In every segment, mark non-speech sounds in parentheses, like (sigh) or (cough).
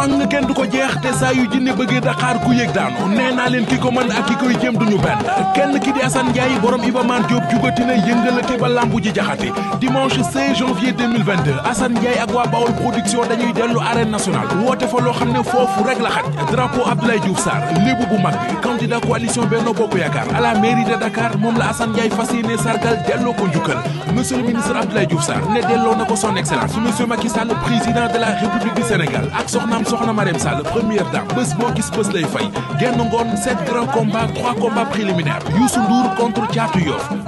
fang kenn du ko jeex te saa yu jinne bëggee Dakar ku yëg daanu nee leen ki ko mën ak ki koy jéem duñu benn kenn ki di Assane borom Iba Mar Diop jugati ba lambu jaxati dimanche 16 janvier 2022 ak waa Bawol production dañuy dellu arène nationale woote fa loo xam ne foofu rek la xaj drapeau Abdoulaye Diouf Sarr lébu bu mag bi candidat coalition Bokk Yaakaar à de Dakar moom la Assane Ndiaye fas yéene sargal delloo ko njukkal monsieur soxna Marème Sall première dame bés boo gis bés lay fay genn ngoon sept grands combats trois combats préliminaires Youssou Ndour contre Thiatou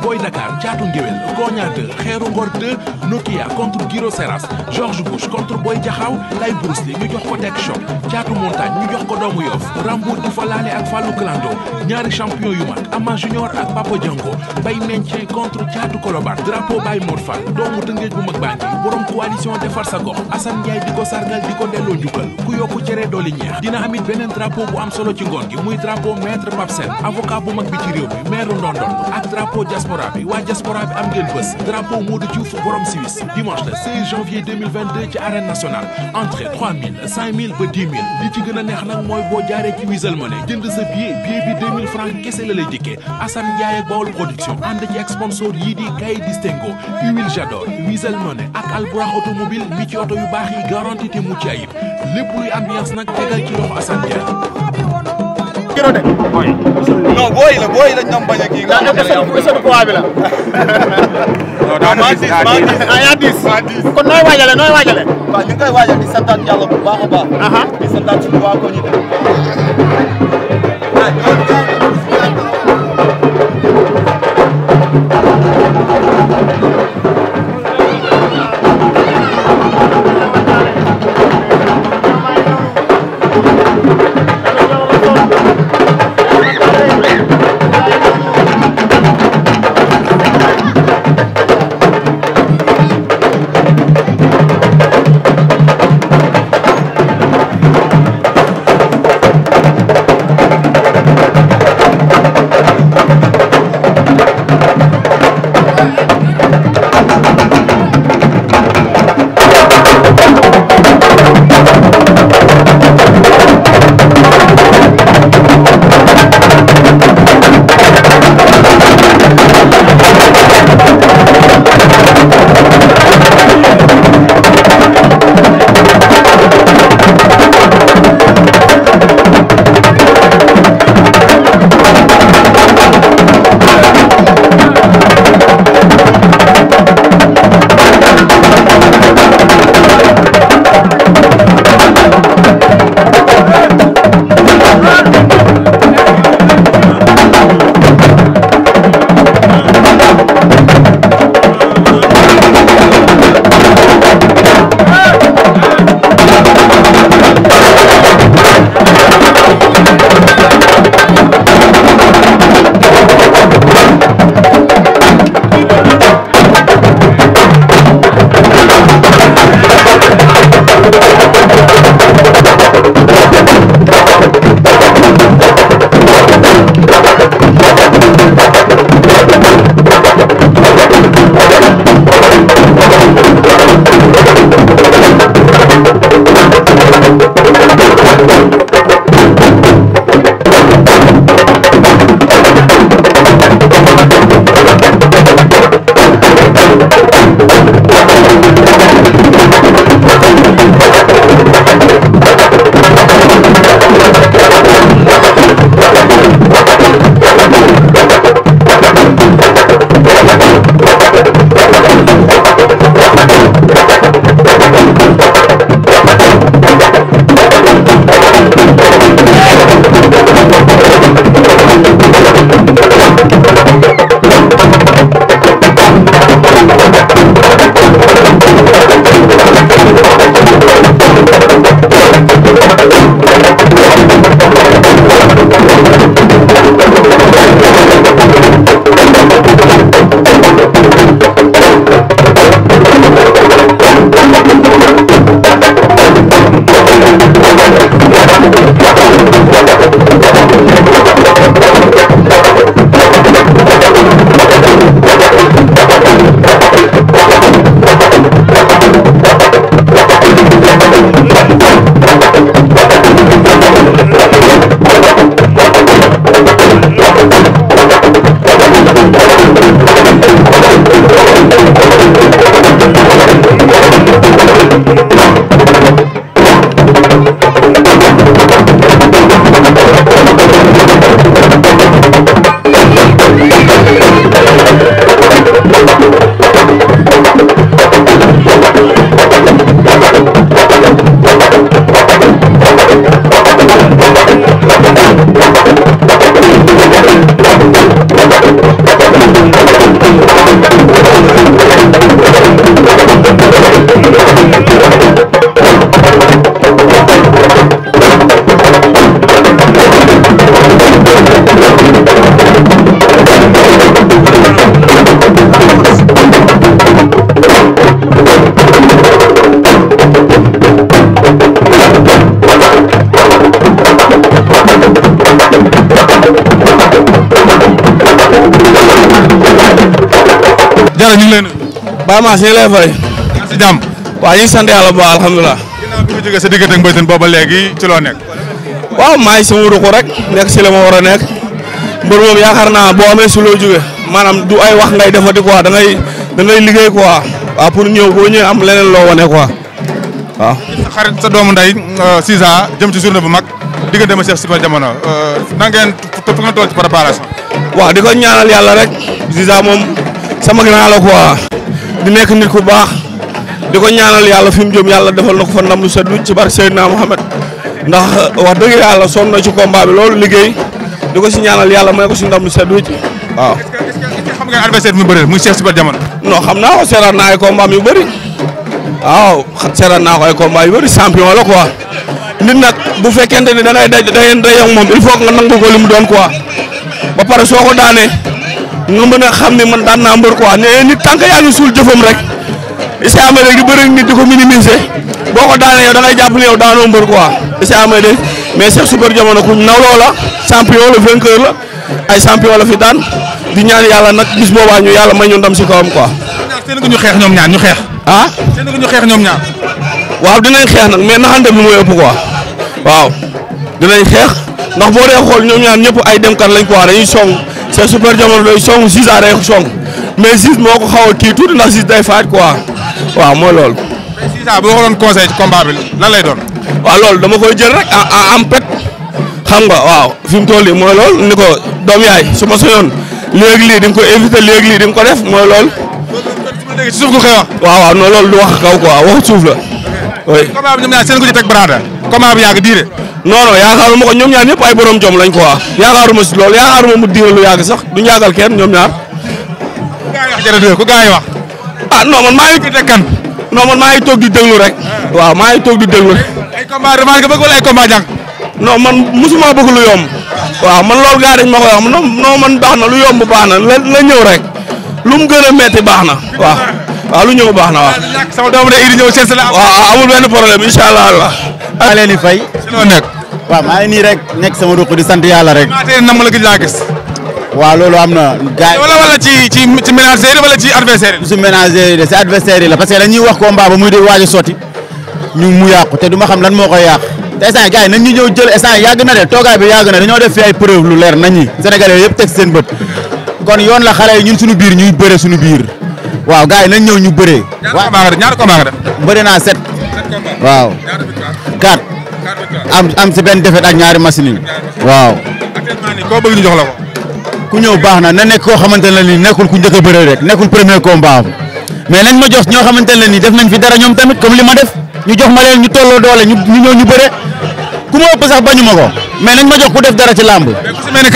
Boy Dakar Thiatou Ngéwél Koña 2 Xeeru Ngor 2 Nokia Giro Seras George Bush contre Boy Jaxaw Lay Bruce Lee ñu jox ko Tek Choc Thiatou Montagne ñu jox ko doomu Yoff Rambour di fa laale ak Fallou Clando ñaari champion yu mag Ama Junior ak Papa Django Bay Mentien contre Thiatou Kolobar drapeau Bay Mor doomu Tëngéej bu mag baa ku yokku cere dooli ñeex dina amit beneen drapeau bu am solo ci ngoon gi muy drapeau maître Papsen avocat bu mag bi ci réew mi maire Ndondon ak drapeau diaspora bi waa diaspora bi am ngeen bés drapeau Modou Diouf borom Suisse dimanche le janvier ci arène nationale entrée ba 10 000 li ci gën neex nag mooy boo jaaree ci Wizall jënd sa billet billet bi francs kese la lay dikkee Assane Ndiaye ak Bawol production ànd ci sponsor yii di Kay Distingo Huile Jador buy ambiance nag tegal ci loxo Assane Ndiaye. kiro de. booy non booy la booy lañ doon bañ a kii. daanaka bi la. non daa maa gis maa gis ah yaa gis. maa gis kon nooy waajale nooy waajale. waaw ñu ngi koy waajal di santaat yàlla bu baax a baax. di santaat suñu waa ko ñu Diarra ñu ngi lay nuyu. Baye Mass ñu si jàmm. waaw ñu ngi sant yàlla bu sa diggante ak mbaytin booba léegi ci loo nekk. waaw maa ngi sama ruq rek nekk si la ma war a nekk mbër moom yaakaar naa boo amee si loo jógee maanaam du ay wax ngay defati quoi da ngay da liggéey quoi waaw pour ñëw boo ñëwee am leneen loo wane quoi waaw. xarit sa doomu si Cisa jëm ci journée bu mag diggante ma Cheikh si Jamono euh, na ngeen topp nga toll ci préparation. waaw di ko ñaanal sama grand la quoi di nekk nit ku baax di ko ñaanal yàlla fi mu jëm yàlla defal na ko fa ndam lu sedd ci barke Seydina Mohamed ndax wax dëgg yàlla sonn na ci combat bi loolu liggéey di ko si ñaanal yàlla may ko si ndam lu sedd ci waaw. xam nga adversaire mu bëri muy Cheikh Super Diamane. non xam naa ko seeraan naa ay combat yu bari waaw seeraan naa ko ay combat yu bëri champion la quoi nit nag bu fekkente ni da ngay daj da ngeen moom il faut nga nangu ko mu doon quoi nga mën a xam ne man daan naa mbër quoi ne nit tant que yaa ngi suul jëfam rek Issa Amady di bëri nit di ko minimiser boo ko daanee yow da ngay jàpp ne yow daanoo mbër quoi Issa Amady mais Cheikh Super Diamono ku nawloo la champion la vainqueur la ay champion la fi daan di ñaan yàlla nag bis boobaa ñu yàlla may ñu ndam si kawam quoi. seen ko ñu xeex ñoom ñaar ñu xeex. ah seen ko ñu ñoom ñaar. waaw dinañ xeex nag mais naxante bi mooy ëpp quoi waaw xeex ndax boo ree xool ñoom ñaan ñëpp ay demkat lañ quoi dañuy song. te super jamono day song Ziz a day song mais Ziz moo ko xaw a kii tuuti ndax Ziz day faaj quoi waaw mooy loolu. mais Ziz bu lay doon. waaw dama koy jël rek a am pet xam nga waaw fi mu toll nii mooy lool ni ko doom yaay su ma soñoon léegi lii di ko éviter léegi lii di ko def mooy lool ci suuf nga koy wax. waaw waaw non loolu du wax kaw quoi waxu suuf la. oui combat bi ñoom ñaar combat bi yàgg diire. non non yaakaaruma ko ñoom ñaar ñëpp ay borom jom lañ quoi yaakaaruma si loolu mu diire lu yàgg sax duñ yàggal kenn ñoom ñaar. ku gaa wax ah non man maa ngi tuddee kan. non man maa ngi toog di déglu rek. Ah. waaw maa ngi toog di déglu rek. ay combat revanche nga bëgg wala ay lu yomb. waaw man loolu gars dañ ma koy wax non man baax na lu yomb baax na la la rek lu mu gën a metti baax na waaw waaw lu ñëw baax na waaw. sama doomu de Idi ñëw seet amul benn problème maa leen di fay. si loo nekk. sama ruq di sant yàlla rek. maa la gis laa gis. waaw loolu am na. gars wala wala ci ci ci ménager wala ci adversaire yi. su ménager de si adversaire la parce que dañuy wax combat ba muy di waaj a sotti mu yàqu te du ma xam lan moo koy yàq. te instant gars yi nañ ñu ñëw jël instant yàgg na de toogaay bi yàgg na dañoo def fi ay preuve lu leer nañ ñi Sénégalais yëpp teg seen bët kon yoon la xale yi ñun suñu biir ñuy bëre suñu biir waaw gars yi nañ ñëw ñu bëree. waaw ñaar combat nga def ñaar combat 4 am am si benn defet ak ñaari machine yi waaw actuellement bëgg ñu jox la ko ku ñëw baax na ne nekk koo xamante ne nii nekkul ku njëkk a bëre rek nekkul premier combat mais nañ ma jox ñoo xamante ne nii def nañ fi dara ñoom tamit comme li ma def ñu jox ma leen ñu tolloo doole ñu ñu ñëw ñu bëre ku ma ëpp sax bañu ko mais nañ ma jox ku def dara ci làmb ku si mel ni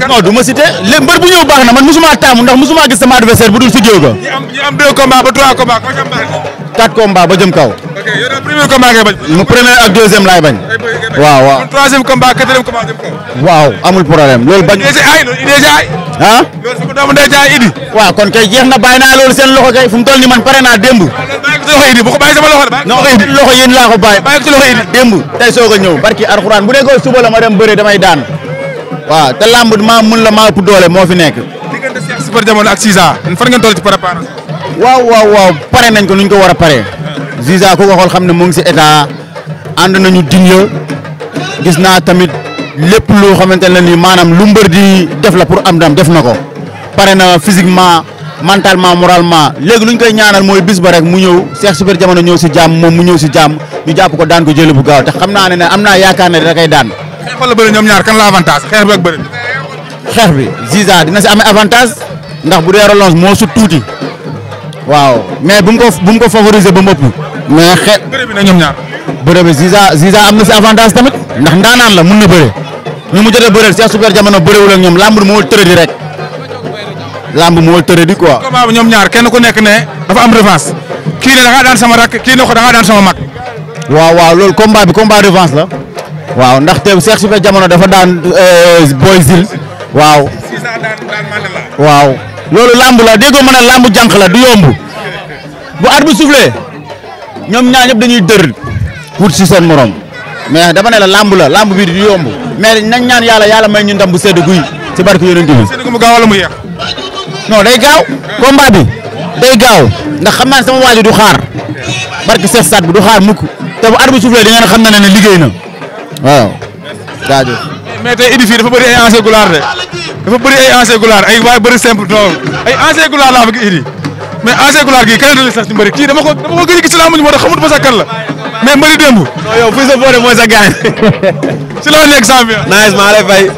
kan ah du ma cité lem mbër bu ñëw baax na man mosuma taamu ndax mosuma gis sama adversaire bu dul si géew ga ñi am quatre combats ba jëm kaw. ok yow daal premier combat ngay bañ. mu premier ak deuxième laay bañ. waaw waaw kon troisième combat quatrième combat jëm kaw. waaw amul problème loolu bañ. idée si ay loolu idée si ay. ah loolu sama doomu ndey jaay idi. waaw kon kay jeex na bàyyi naa loolu seen loxo kay fu mu toll nii man pare naa démb. bàyyi ko si loxo idi bu ko bàyyi sama loxo de. non loxo yéen laa ko bàyyi. bàyyi tey soog a ñëw barki arxuraan bu nekkoon suba la ma dem bëre damay daan. waaw te lamb maa mun la maa ëpp doole moo fi nekk. waaw waaw waaw pare nañ ko ñu ko war a pare Ziza ku ko xool xam ne moo ngi si état ànd nañu digne gis naa tamit lép loo xamante ne nii maanaam lu mbër di def la pour am dam def na ko pare na physiquement mentalement moralement léegi lu ñu koy ñaanal mooy bis ba rek mu ñëw Cheikh Super Jamono ñëw si jàmm moom mu ñëw si jàmm ñu jàpp ko daan ko jëlee bu gaaw te xam naa ne am naa yaakaar ne da koy daan. xeex ñaar kan la avantage xeex bi ak bëri. xeex bi Ziza dina si amee avantage ndax bu dee relance moo tuuti. waaw mais bu mu ko bu mu ko ba mu ëpp. mais xe. bëre bi na ñoom ñaar. bëre bi Ziza Ziza am na si avantage tamit. ndax ndaanaan la mun na bëre. ñu mu jotee bëreel Cheikh Super Jamono bërewul la ñoom lamb moo tëre di rek. lamb moo tëre di quoi. combat bi ñoom ñaar kenn ku nekk ne dafa am revanche. kii ne da daan sama rakk kii ne ko da ngaa daan sama mag. waaw waaw loolu combat bi combat revanche la. waaw ndaxte Cheikh Super Jamono dafa daan euh, Boy Zil. waaw. loolu làmb la déggoo mën a làmb jànq la du yomb bu at bu soufflé ñoom ñaan ñëpp dañuy dër wut si seen morom mais dama ne la làmb la làmb bi du yomb mais nañ ñaan yàlla yàlla may ñu ndam bu sedd guy ci barke yonent bi. sedd gu gaaw wala mu yéex. non day gaaw combat bi day gaaw ndax xam naa sama waaji du xaar barke Seex Saat bi du xaar mukk te bu at bu soufflé di ngeen xam na ne liggéey na waaw mais tey Idy fii dafa bëri ay ancien goulard de dafa bëri ay ancien goulard ay waaye simple tool ay ancien goulard laa bëgg Idy mais ancien goulard gi kenn du sax mbëri kii dama ko dama ko gëj a gis laa moo tax xamut ma sa la mais mbëri démb. non yow fu mooy sa gaañ. si (laughs) la nekk champion. nice maa lay fay.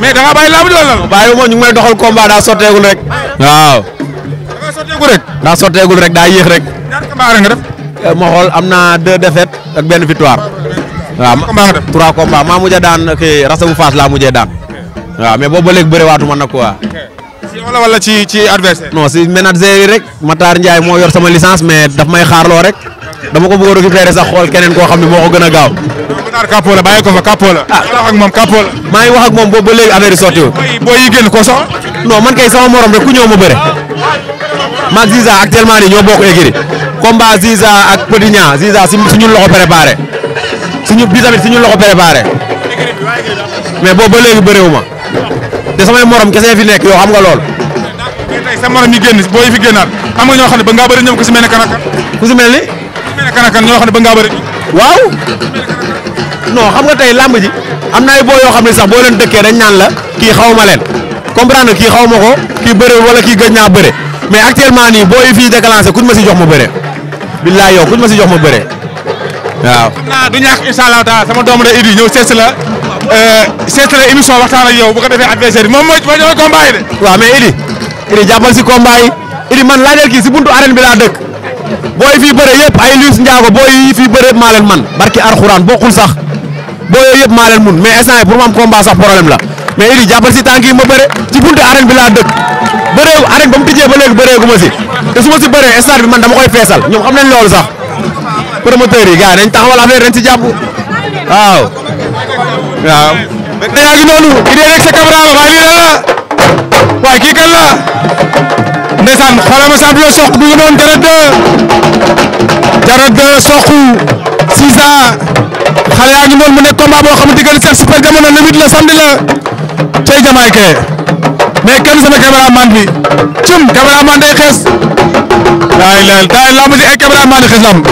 mais da ngaa bàyyi laa muñu wala lan. bàyyi ñu may doxal combat daa sotteegul rek. waaw. da rek. daa sotteegul rek daa yéex rek. ñaata eh, am na deux défaites benn victoire. waaw trois combats maa mujj a daan kii rasa faas laa mujjee daan waaw mais boobu ba léegi bëre waatuma nag quoi si wala wala ci ci adversaire si manager yi rek Matar njaay moo yor sama licence mais daf may xaaraloo rek dama ko bëggoon récupérer sax xool keneen koo xam ne moo ko gën a gaaw Matar kàppoo ah. moom maa ngi wax ak moom boobu ba léegi affaire yi sottiwul booy yi génn ko so non man kay sama morom rek ku ñëw ma bëre maag Ziza actuellement nii ñoo bokk écurie combat Ziza ak Petit Niang Ziza si suñu loxo préparé suñu bi tamit suñu loxo préparé mais boobu ba léegi bëréewu ma te samay morom kese fi nekk yow xam nga lool. mais tey sa morom yi génn fi génnaat am nga ñoo xam ne ba ngaa bëri ñoom ku si mel ne kanakan. ku si mel ne kanakan ñoo xam ne ba ngaa bëri. waaw. non xam nga tey làmb ji am na ay boo yoo xam ne sax boo leen dëkkee dañ naan la kii xaw ma leen comprendre kii xaw ma ko kii bëre wala kii gëj naa bëre mais actuellement nii boo yi fii déclenché kuñ ma si jox ma bëre. billaay yow kuñ ma si jox ma bëre. waaw xam naa du ñàkk incha allah sama doomu de Idy ñëw seet si la euh, seet si la émission waxtaan ak bu ko defee adversaire moom mooy mooy ñëw combat de. waaw mais Idy Idy jàppal si combat yi Idy man laajal kii si buntu arène bi laa dëkk booy yi fii bëre yëpp ay Liss Ndiago booy yi fii bëre yëpp maa leen man barki Alxuraan bokkul sax booy yëpp maa mun mais instant yi pour ma sax problème la mais Idy si tànk yi ma bëre ci buntu arène bi laa dëkk bëreegu arène tijjee ba léegi bëreegu ma si te su si bëree stade bi man dama koy feesal ñoom xam nañ loolu sax promoteurs yi gars nañ taxawal affaire ren ci jàpp waaw waaw noonu idée rek sa caméra ba lii la kii kan la ndeysaan xoolal ma champion soq bi nga doon jarat de jarat xale yaa ngi mu nekk combat boo xam ne diggante Super Jamono limite la samedi la cey jamaay kee mais kenn sama caméraman bi cim caméraman day xees daay leel daay lamb ji ay caméraman xees lamb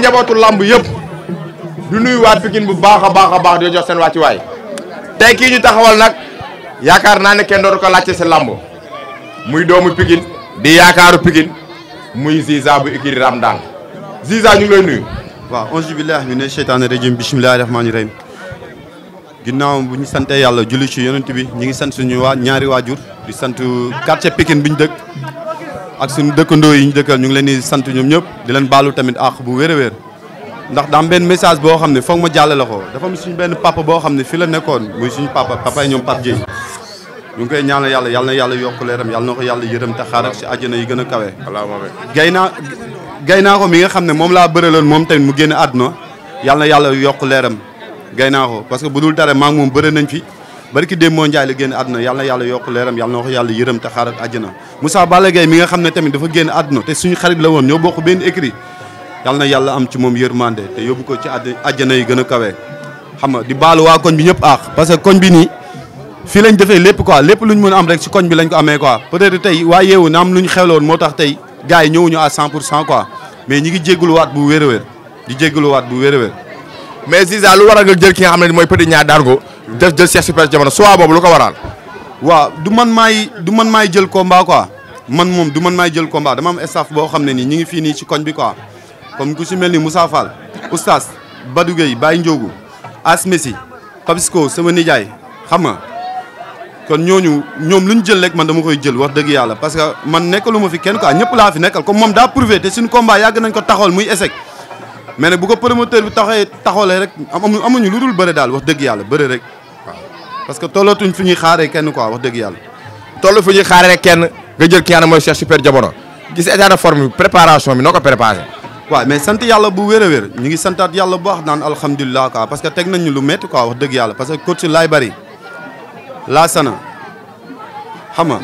njabootu làmb yëpp du nuyu waa Pikine bu baax a baax a baax di jox seen waay tey kii ñu taxawal nag yaakaar naa ne kenn dootu ko laajte si làmb muy doomu Pikine di yaakaaru Pikine muy Ziza bu ikiri Ramdan Ziza ñu ngi lay nuyu. waaw auzu billaahi mina sheytaani rajiim bismillaahi ñu rahiim ginnaaw bu ñu santee yàlla julli ci yonent bi ñu ngi sant suñu waa ñaari waajur di sant quartier pikin bi ñu dëkk. ak suñu dëkkandoo yi ñu dëkkal ñu ngi leen di sant ñoom ñëpp di leen baalu tamit àq bu wér a wér ndax daam benn message boo xam ne foog ma jàllale ko dafa am suñu benn papa boo xam ne fi la nekkoon muy suñu papa papa yi ñoom Pape ñu ngi koy ñaal yàlla yàlla na yàlla yokk leeram yàlla na ko yàlla yërëm te xaaral si àjjana yi gën a kawe gay naa gay naa ko mi nga xam ne moom laa bëraloon moom tamit mu génn àdduna yàlla yàlla yokk leeram gay naa ko parce que bu dul dara moom bëre nañ fi barki démb moo njaay la génn àdduna yàlla na yàlla yokk leeram yàlla na ko yàlla yërëm te xaaral àjjana Moussa Balla Gaye mi nga xam ne tamit dafa génn àdduna te suñu xarit la woon ñoo bokk benn écrit yàlla na yàlla am ci moom yërmande te yóbbu ko ci àjjana yi gën a kawe xam nga di baalu waa koñ bi ñëpp aax parce que koñ bi nii fii lañ defee lépp quoi lépp lu ñu mën am rek ci koñ bi lañ ko amee quoi peut-être tey waa yeewu na am lu ñu xewloon moo tax tey gars yi ñëwuñu à 100 pour cent quoi mais ñi ngi jégguluwaat bu wér a wér di jégguluwaat bu wér a wér mais Ziza lu jël ki nga xam ne mooy Petit Niang daan ko def jël Cheikh Super jamono soit boobu lu ko waral. waaw du man maay du man maay jël combat quoi man moom du man maay jël combat dama am staff boo xam ne nii ñu ngi fii nii ci koñ bi quoi comme ku si mel ni Moussa Fall oustaz Badou Gueye Baye Ndiogu As Messi Papisco sama nijaay xam nga kon ñooñu ñoom lu ñu jël rek man dama koy jël wax dëgg yàlla parce que man nekkaluma fi kenn quoi ñëpp laa fi nekkal comme moom daa prouvé te suñu combat yàgg nañ ko taxawal muy échec. mais nag bu ko promoteur bi taxee taxawale rek amuñu amuñu lu dul bëre daal wax dëgg yàlla bëre rek. parce que tollatuñ fi ñuy xaare kenn quoi wax dëgg yàlla. toll fi ñuy xaaree kenn nga jël ki nga xam ne mooy Cheikh Super Diamono gis état de forme bi préparation bi noo ko préparé. waaw mais sant yàlla bu wér a wér ngi santaat yàlla bu baax naan alhamdulilah quoi parce que teg lu métti quoi wax dëgg yàlla parce que coach laay bari laa sana xam nga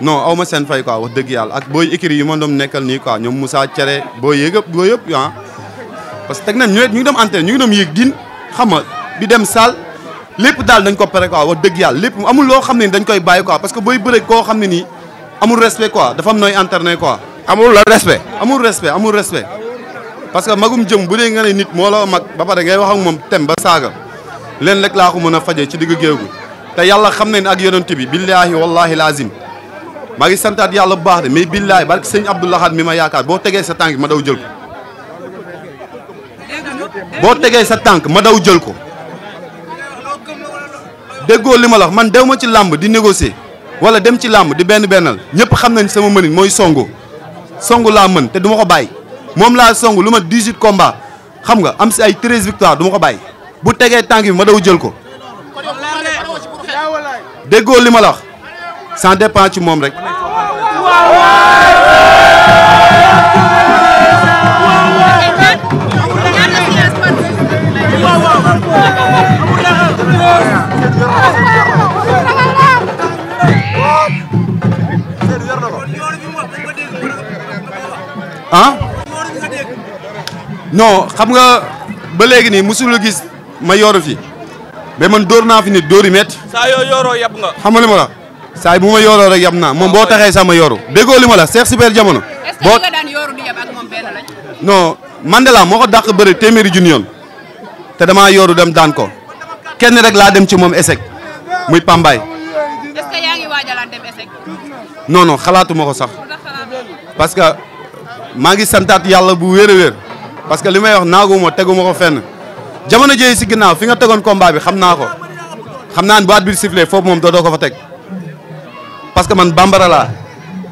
non aw ma seen fay quoi wax dëgg yàlla ak booy écrit yi ma doon nekkal nii quoi ñoom musa Cere booy yëpp yëpp ah. parce que teg nañ ñu ñu ngi dem antenne ñu ngi dem yéeg din xam nga dem salle. lépp daal dañ ko pare quoi wax dëgg yàlla lépp amul loo xam ne dañ koy bàyyi quoi parce que booy bëre koo xam ne nii amul respect quoi dafa am nooy internet ko amul la respect. amul respe amul respect parce que magum jëm bu dee nga ne nit moo la mag ba pare ngay wax ak moom tem ba saaga leen rek laa ko mën a fajee ci digg géew gi te yàlla xam ne ak yonent bi billaahi wallaahi laazim maa ngi santaat yàlla bu baax de mais billaahi barke sëñ Abdou Lahad mi ma yaakaar boo tegee sa tànk daw jël tegee sa tànk ma daw jël ko. déggoo li ma la wax man dew ma ci làmb di négocier wala dem ci làmb di benn bennal ñëpp xam nañ sama mënin mooy songu songu laa mën te du ko bàyyi moom laa songu lu ma 18 combat xam nga am si ay 13 victoire du ko bàyyi bu tegee tànk bi ma daw jël ko déggoo li ma la wax ça dépend ci moom rek. non xam nga ba léegi nii mosul la gis ma yooru fi mais man dóor naa fi nit dóor yi saa yoo yooroo nga. xam nga li ma la saay bu ma yooroo rek yam naa moom boo taxee sax ma yooru déggoo li ma la Cheikh Super Jamono. boo est-ce que nga daan non Mandela moo ko dàq bëri téeméeri junni yoon te damaa yooru dem daan ko kenn rek laa dem ci moom échec muy Pambaay. est-ce que non xalaatu ma ko sax parce maa ngi santaat yàlla bu wér a parce que li may wax naaguma teguma ko fenn jamono jëye si ginnaaw fi nga tegoon combat bi xam naa ko xam naa ne bu arbitre bi sifflé foofu moom doo doo ko fa teg parce que man bambara laa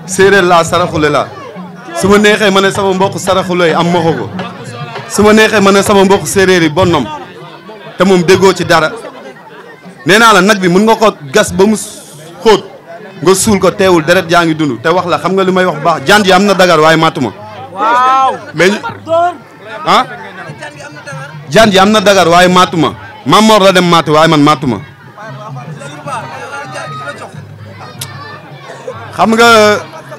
séeréer laa saraxule laa su ma neexee ma ne sama mbokk saraxule yi am ma ko su ma neexee ma ne sama mbokk séeréer yi bonnom te moom déggoo ci dara nee naa la nag bi mën nga ko gas ba mu xóot nga suul ko teewul deret jaa ngi dund te wax la xam nga li may wax baax jant yi am na dagar waaye màttu ma ah jaan ji am na dagar waaye maatuma maam Mor la dem maatu waaye man maatuma xam nga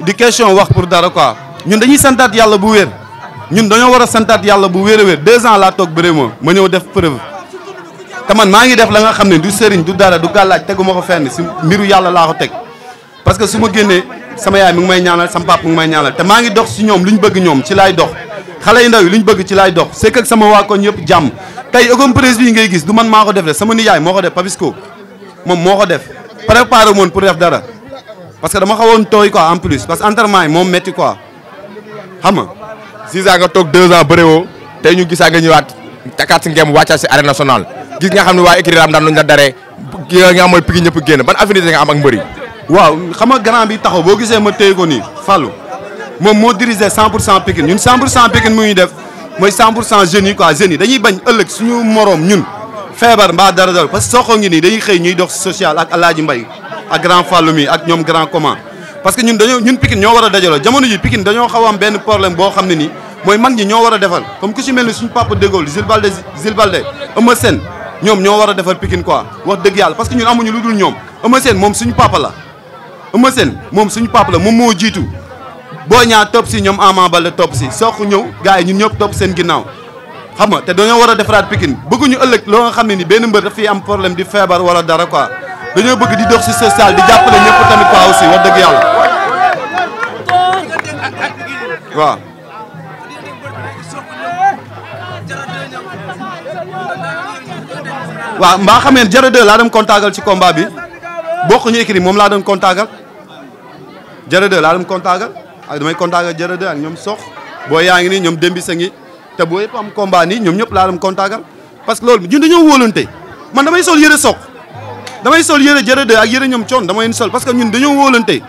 di question wax pour dara quoi ñun dañuy santaat yàlla bu wér ñun dañoo war a santaat yàlla bu wér a wér ans laa toog bëre ma ma ñëw def preuve te man maa ngi def la nga xam ne du sëriñ du dara du gàllaaj teguma ko fenn si mbiru yàlla laa ko teg parce que su ma génnee sama yaay mi ngi may ñaanal sama papa mi ngi may ñaanal te maa ngi dox si ñoom lu bëgg ñoom ci laay dox xale yu ndaw yi li ñu bëgg ci laay dox sekk ak sama waa koñ yëpp jàmm tey open presse bii ngay gis du man maa ko def de sama nijaay moo ko def Papisco moom moo ko def préparé woon pour def dara parce que dama xawoon tooy quoi en plus parce que entraînement yi moom métti quoi xam nga. six ans nga toog deux ans bëree woo tey ñu gisaa nga ñëwaat takkaat si ngeen wàccaat si arène nationale gis nga xam ne waa écrit ram daan nañ la daree ki nga xam mooy pigi ñëpp génn ban affinité am ak mbëri waaw xam nga taxaw boo gisee ma téye ko nii Fallou moom moo dirigé 100 pour cent Pikine ñun 100 pour cent Pikine mu ñuy def mooy 100 pour cent jeunes yi quoi jeunes yi dañuy bañ ëllëg suñu moroom ñun feebar mbaa dara dara parce soo ko ngi nii dañuy xëy ñuy dox social ak Alaaji Mbay ak grand Fallou mi ak ñoom grand comment parce ñun dañoo ñun Pikine ñoo war a dajaloo jamono ji Pikine dañoo xaw am benn problème boo xam ne nii mooy mag ñi ñoo war a defal comme ku si mel ni suñu papa dégool Jules Baldé ñoom ñoo war a defal Pikine quoi wax dëgg yàlla parce que ñun amuñu lu dul ñoom Eumeu Sène moom la Eumeu moom suñu papa moom moo jiitu boo ñaar topp si ñoom Ama Baldé topp si Sokh ñëw gars yi ñun ñëpp topp seen ginnaaw xam nga te dañoo war a defaraat pikin bëgguñu ëllëg loo nga xam ne ni benn mbër daf am problème di feebar wala dara ko dañoo bëgg di dox si social di jàppale ñëpp tamit quoi aussi wax dëgg yàlla waaw. mbaa xam ngeen Jara 2 laa doon kontaagal ci combat bi bokkuñu écrit moom laa doon kontaagal Jara 2 laa doon kontaagal. ak damay contact ak jërëjëf ak ñoom sox boo yaa ngi nii ñoom démb sa ngi te boo yëpp am combat nii ñoom ñëpp laa dem contactal parce que loolu ñun dañoo wóolante man damay sox damay sol yëre jërëjëf ak yëre ñoom coon damay sol parce que ñun dañoo wóolante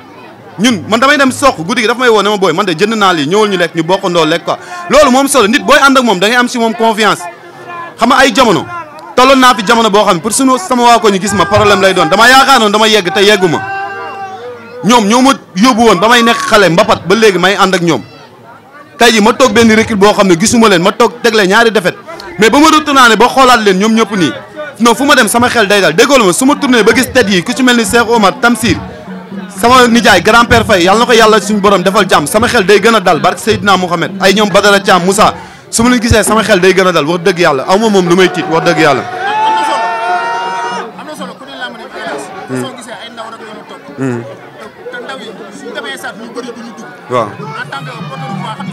ñun man damay dem sox guddi gi dafa may woo ma booy man de jënd naa lii ñëwal ñu lekk ñu bokkandoo lekk quoi loolu moom solo nit booy ànd ak moom da am si moom confiance xam nga ay jamono tolloon naa fi jamono boo xam ne pour sunu sama waa ko ñu gis ma problème lay doon dama yaakaar noonu dama yegg te ma ñoom ñoo ma yóbbu woon ba may nekk xale mbapat ba léegi may ànd ak ñoom tey ji ma toog benn recul boo xam ne gisuma leen ma toog tegle ñaari defet mais ba ma retourné ba xoolaat leen ñoom ñëpp nii non fu ma dem sama xel day dal déggoolu ma su ma turnee ba gis tête yi ku ci mel ni Cheikh Omar Tamsir sama nijaay grand père Faye yàlla na ko yàlla suñu borom defal jàmm sama xel day gën a dal barke Seydina Mouhamed ay ñoom Badara Thiam Moussa su ma leen gisee sama xel day gën a dal dëgg yàlla aw ma moom lu may tiit wax dëgg waaw en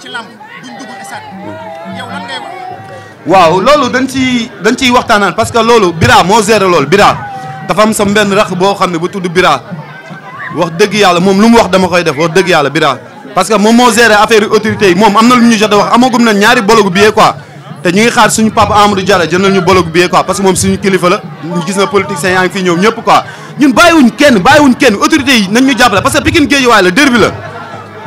ci làmb duñ dugg stade yow lan ngay wax waaw loolu dañ ciy dañ ciy waxtaanaan parce loolu Bira moo géré loolu Bira dafa am sa benn rax boo xam ne bu tudd Bira wax dëgg yàlla moom lu mu wax dama koy def wax dëgg yàlla Bira parce moom moo géré affaire yu autorité yi moom am na lu ñu jot a wax na ñaari bologu billet quoi te ñu ngi xaar suñu papa Amadou Diallo jëndal ñu bologu billet quoi parce que moom suñu kilifa la ñu gis na politique sa yaa ngi fi ñëw ñëpp quoi ñun bàyyiwuñ kenn bàyyiwuñ kenn autorité yi nañ ñu jàppale parce que Pikine Guédiawaye la derby la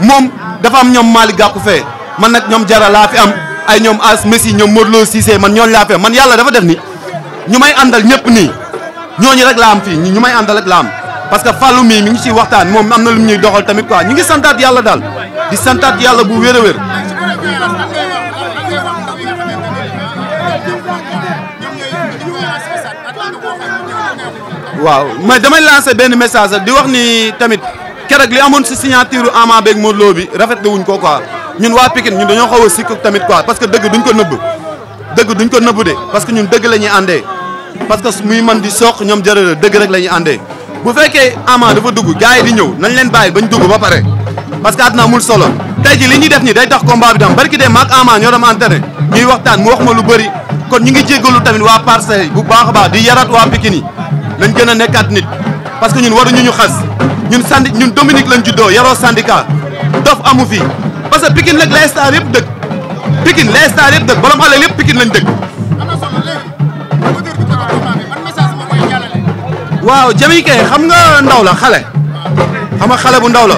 moom dafa am ñoom maali Gakou fee man nag ñoom Jara laa fi am ay ñoom As Messi ñoom Modou Lo Cissé man ñooñu laa fi am man yàlla dafa def ni ñu may àndal ñëpp nii ñooñu rek laa am fii ñu may àndal rek laa am parce que Fallou mii mi ngi ciy waxtaan moom am na lu ñuy doxal tamit quoi ñu ngi santaat yàlla daal di santaat yàlla bu wér a wér waaw mais damay lancer benn message rek di wax ni tamit keroog li amoon si signature Ama beeg Modou Lo bi rafetlu wuñ ko quoi ñun waa Pikine ñu dañoo xaw a sikk tamit quoi parce que dëgg duñ ko nëbb dëgg duñ ko nëbb de parce ñun dëgg la ñuy àndee parce que muy man di soq ñoom jërëjëf dëgg rek la ñuy àndee bu fekkee Ama dafa dugg gars yi di ñëw nañ leen bàyyi bañ dugg ba pare parce que àddina amul solo tey ji li ñu def nii day tax combat bi dam barki de maak Ama ñoo doon wax ma lu bëri kon ñu ngi jéggalu tamit waa Parcelles bu baax a baax di yarat waa Pikine yi lañ gën a nekkaat nit parce que ñun waruñu ñu xas ñun sandi ñun Dominique lañ juddoo yaroo syndicat dof amu fi parce que Pikine nag les stars yëpp dëkk Pikine les stars yëpp dëkk borom alal yëpp Pikine lañ dëkk. waaw Jamaïcain xam nga ndaw la xale xam nga xale bu ndaw la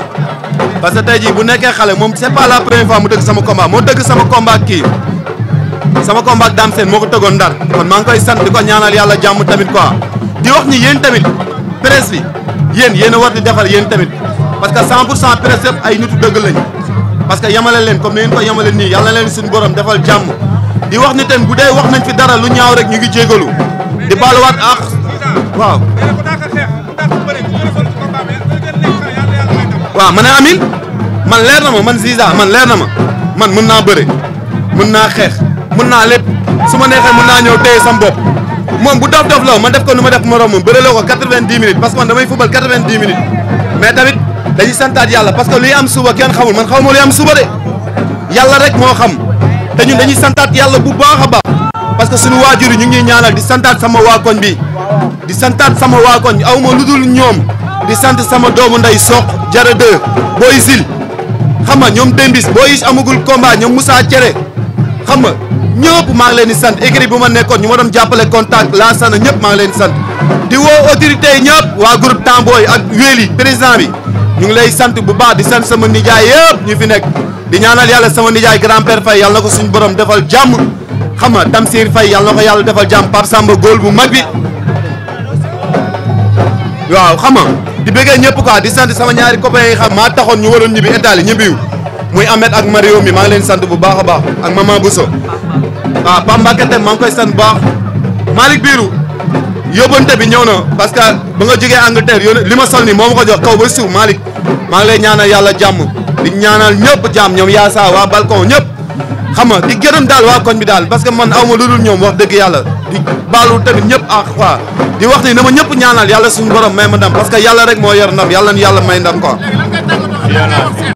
parce que tey jii bu nekkee xale moom c'est pas la première fois mu dëgg sama combat moo dëgg sama combat kii sama combat ak Dame moo ko tëggoon ndar kon maa ngi koy sant di ko ñaanal yàlla jàmm tamit quoi. di wax ni yéen tamit presse yi yéen yéen a war di defar yéen tamit parce que 100 pour cent ay nitu dëgg lañ parce que yemale leen comme ni ngeen ko yemale nii yàlla leen suñu borom defal jàmm di wax ni teen bu dee wax nañ fi dara lu ñaaw rek ñu ngi jégalu di baaluwaat ak waaw. waaw ma ne man leer na ma man Ziza man leer na ma man mën naa bëre mën naa xeex mën naa lépp su ma neexee mën naa ñëw téye sam moom bu dof dof loo man def ko nu ma def moroom moom bëreloo ko quatre-vingt-dix minutes parce que man damay football quatre-vingt-dix minutes kenn xamul man xamuma luy am suba de yàlla rek moo xam te ñun dañuy santaat yàlla bu baax a baax parce que suñu waajur yi ñu ngi ñaanal di santaat sama waa koñ bi di santaat sama waa koñ aw ma lu dul ñoom di sant sama doomu nday soq jara de booy sil xam ñoom dembis booy is amagul combat ñoom Moussa Cere xam nga ñëpp maa leen di sant écrit bu ma nekkoon ñu ma doon jàppale contact laa sana ñëpp maa leen di sant di woo autorité yi ñëpp waa groupe Tambooy ak yi président bi ñu ngi lay sant bu baax di sant sama nijaay yëpp ñu fi nekk di ñaanal yàlla sama nijaay grand père Faye yàlla ko suñu borom defal jàmm xam nga Tamsir fay yàlla na ko yàlla defal jàmm Pape Samba góol bu mag bi waaw xam nga di bëggee ñëpp quoi di sant sama ñaari copains yi xam maa taxoon ñu waroon ñibbi Italie ñibbiwu muy Ahmed ak Mario mi maa ngi leen sant bu baax a baax ak maman Bousso waaw ah, Pam Mbakete maa ngi koy sant bu baax Malick Biiru yóbbante bi ñëw na parce que ba nga jógee Angleterre yónne li ma sol nii moo ma ko jox kaw ba suuf Malick maa ngi lay ñaanal yàlla jàmm di ñaanal ñëpp jàmm ñoom yaa saa waa balcon ñëpp xam nga di gërëm daal waa koñ bi daal parce que man aw ma lu dul ñoom wax dëgg yàlla di baalu tamit ñëpp ak ah, quoi di wax ni na ma ñëpp ñaanal yàlla suñu borom may ma ndam parce que yàlla rek moo yor ndam yàlla yàlla may ndam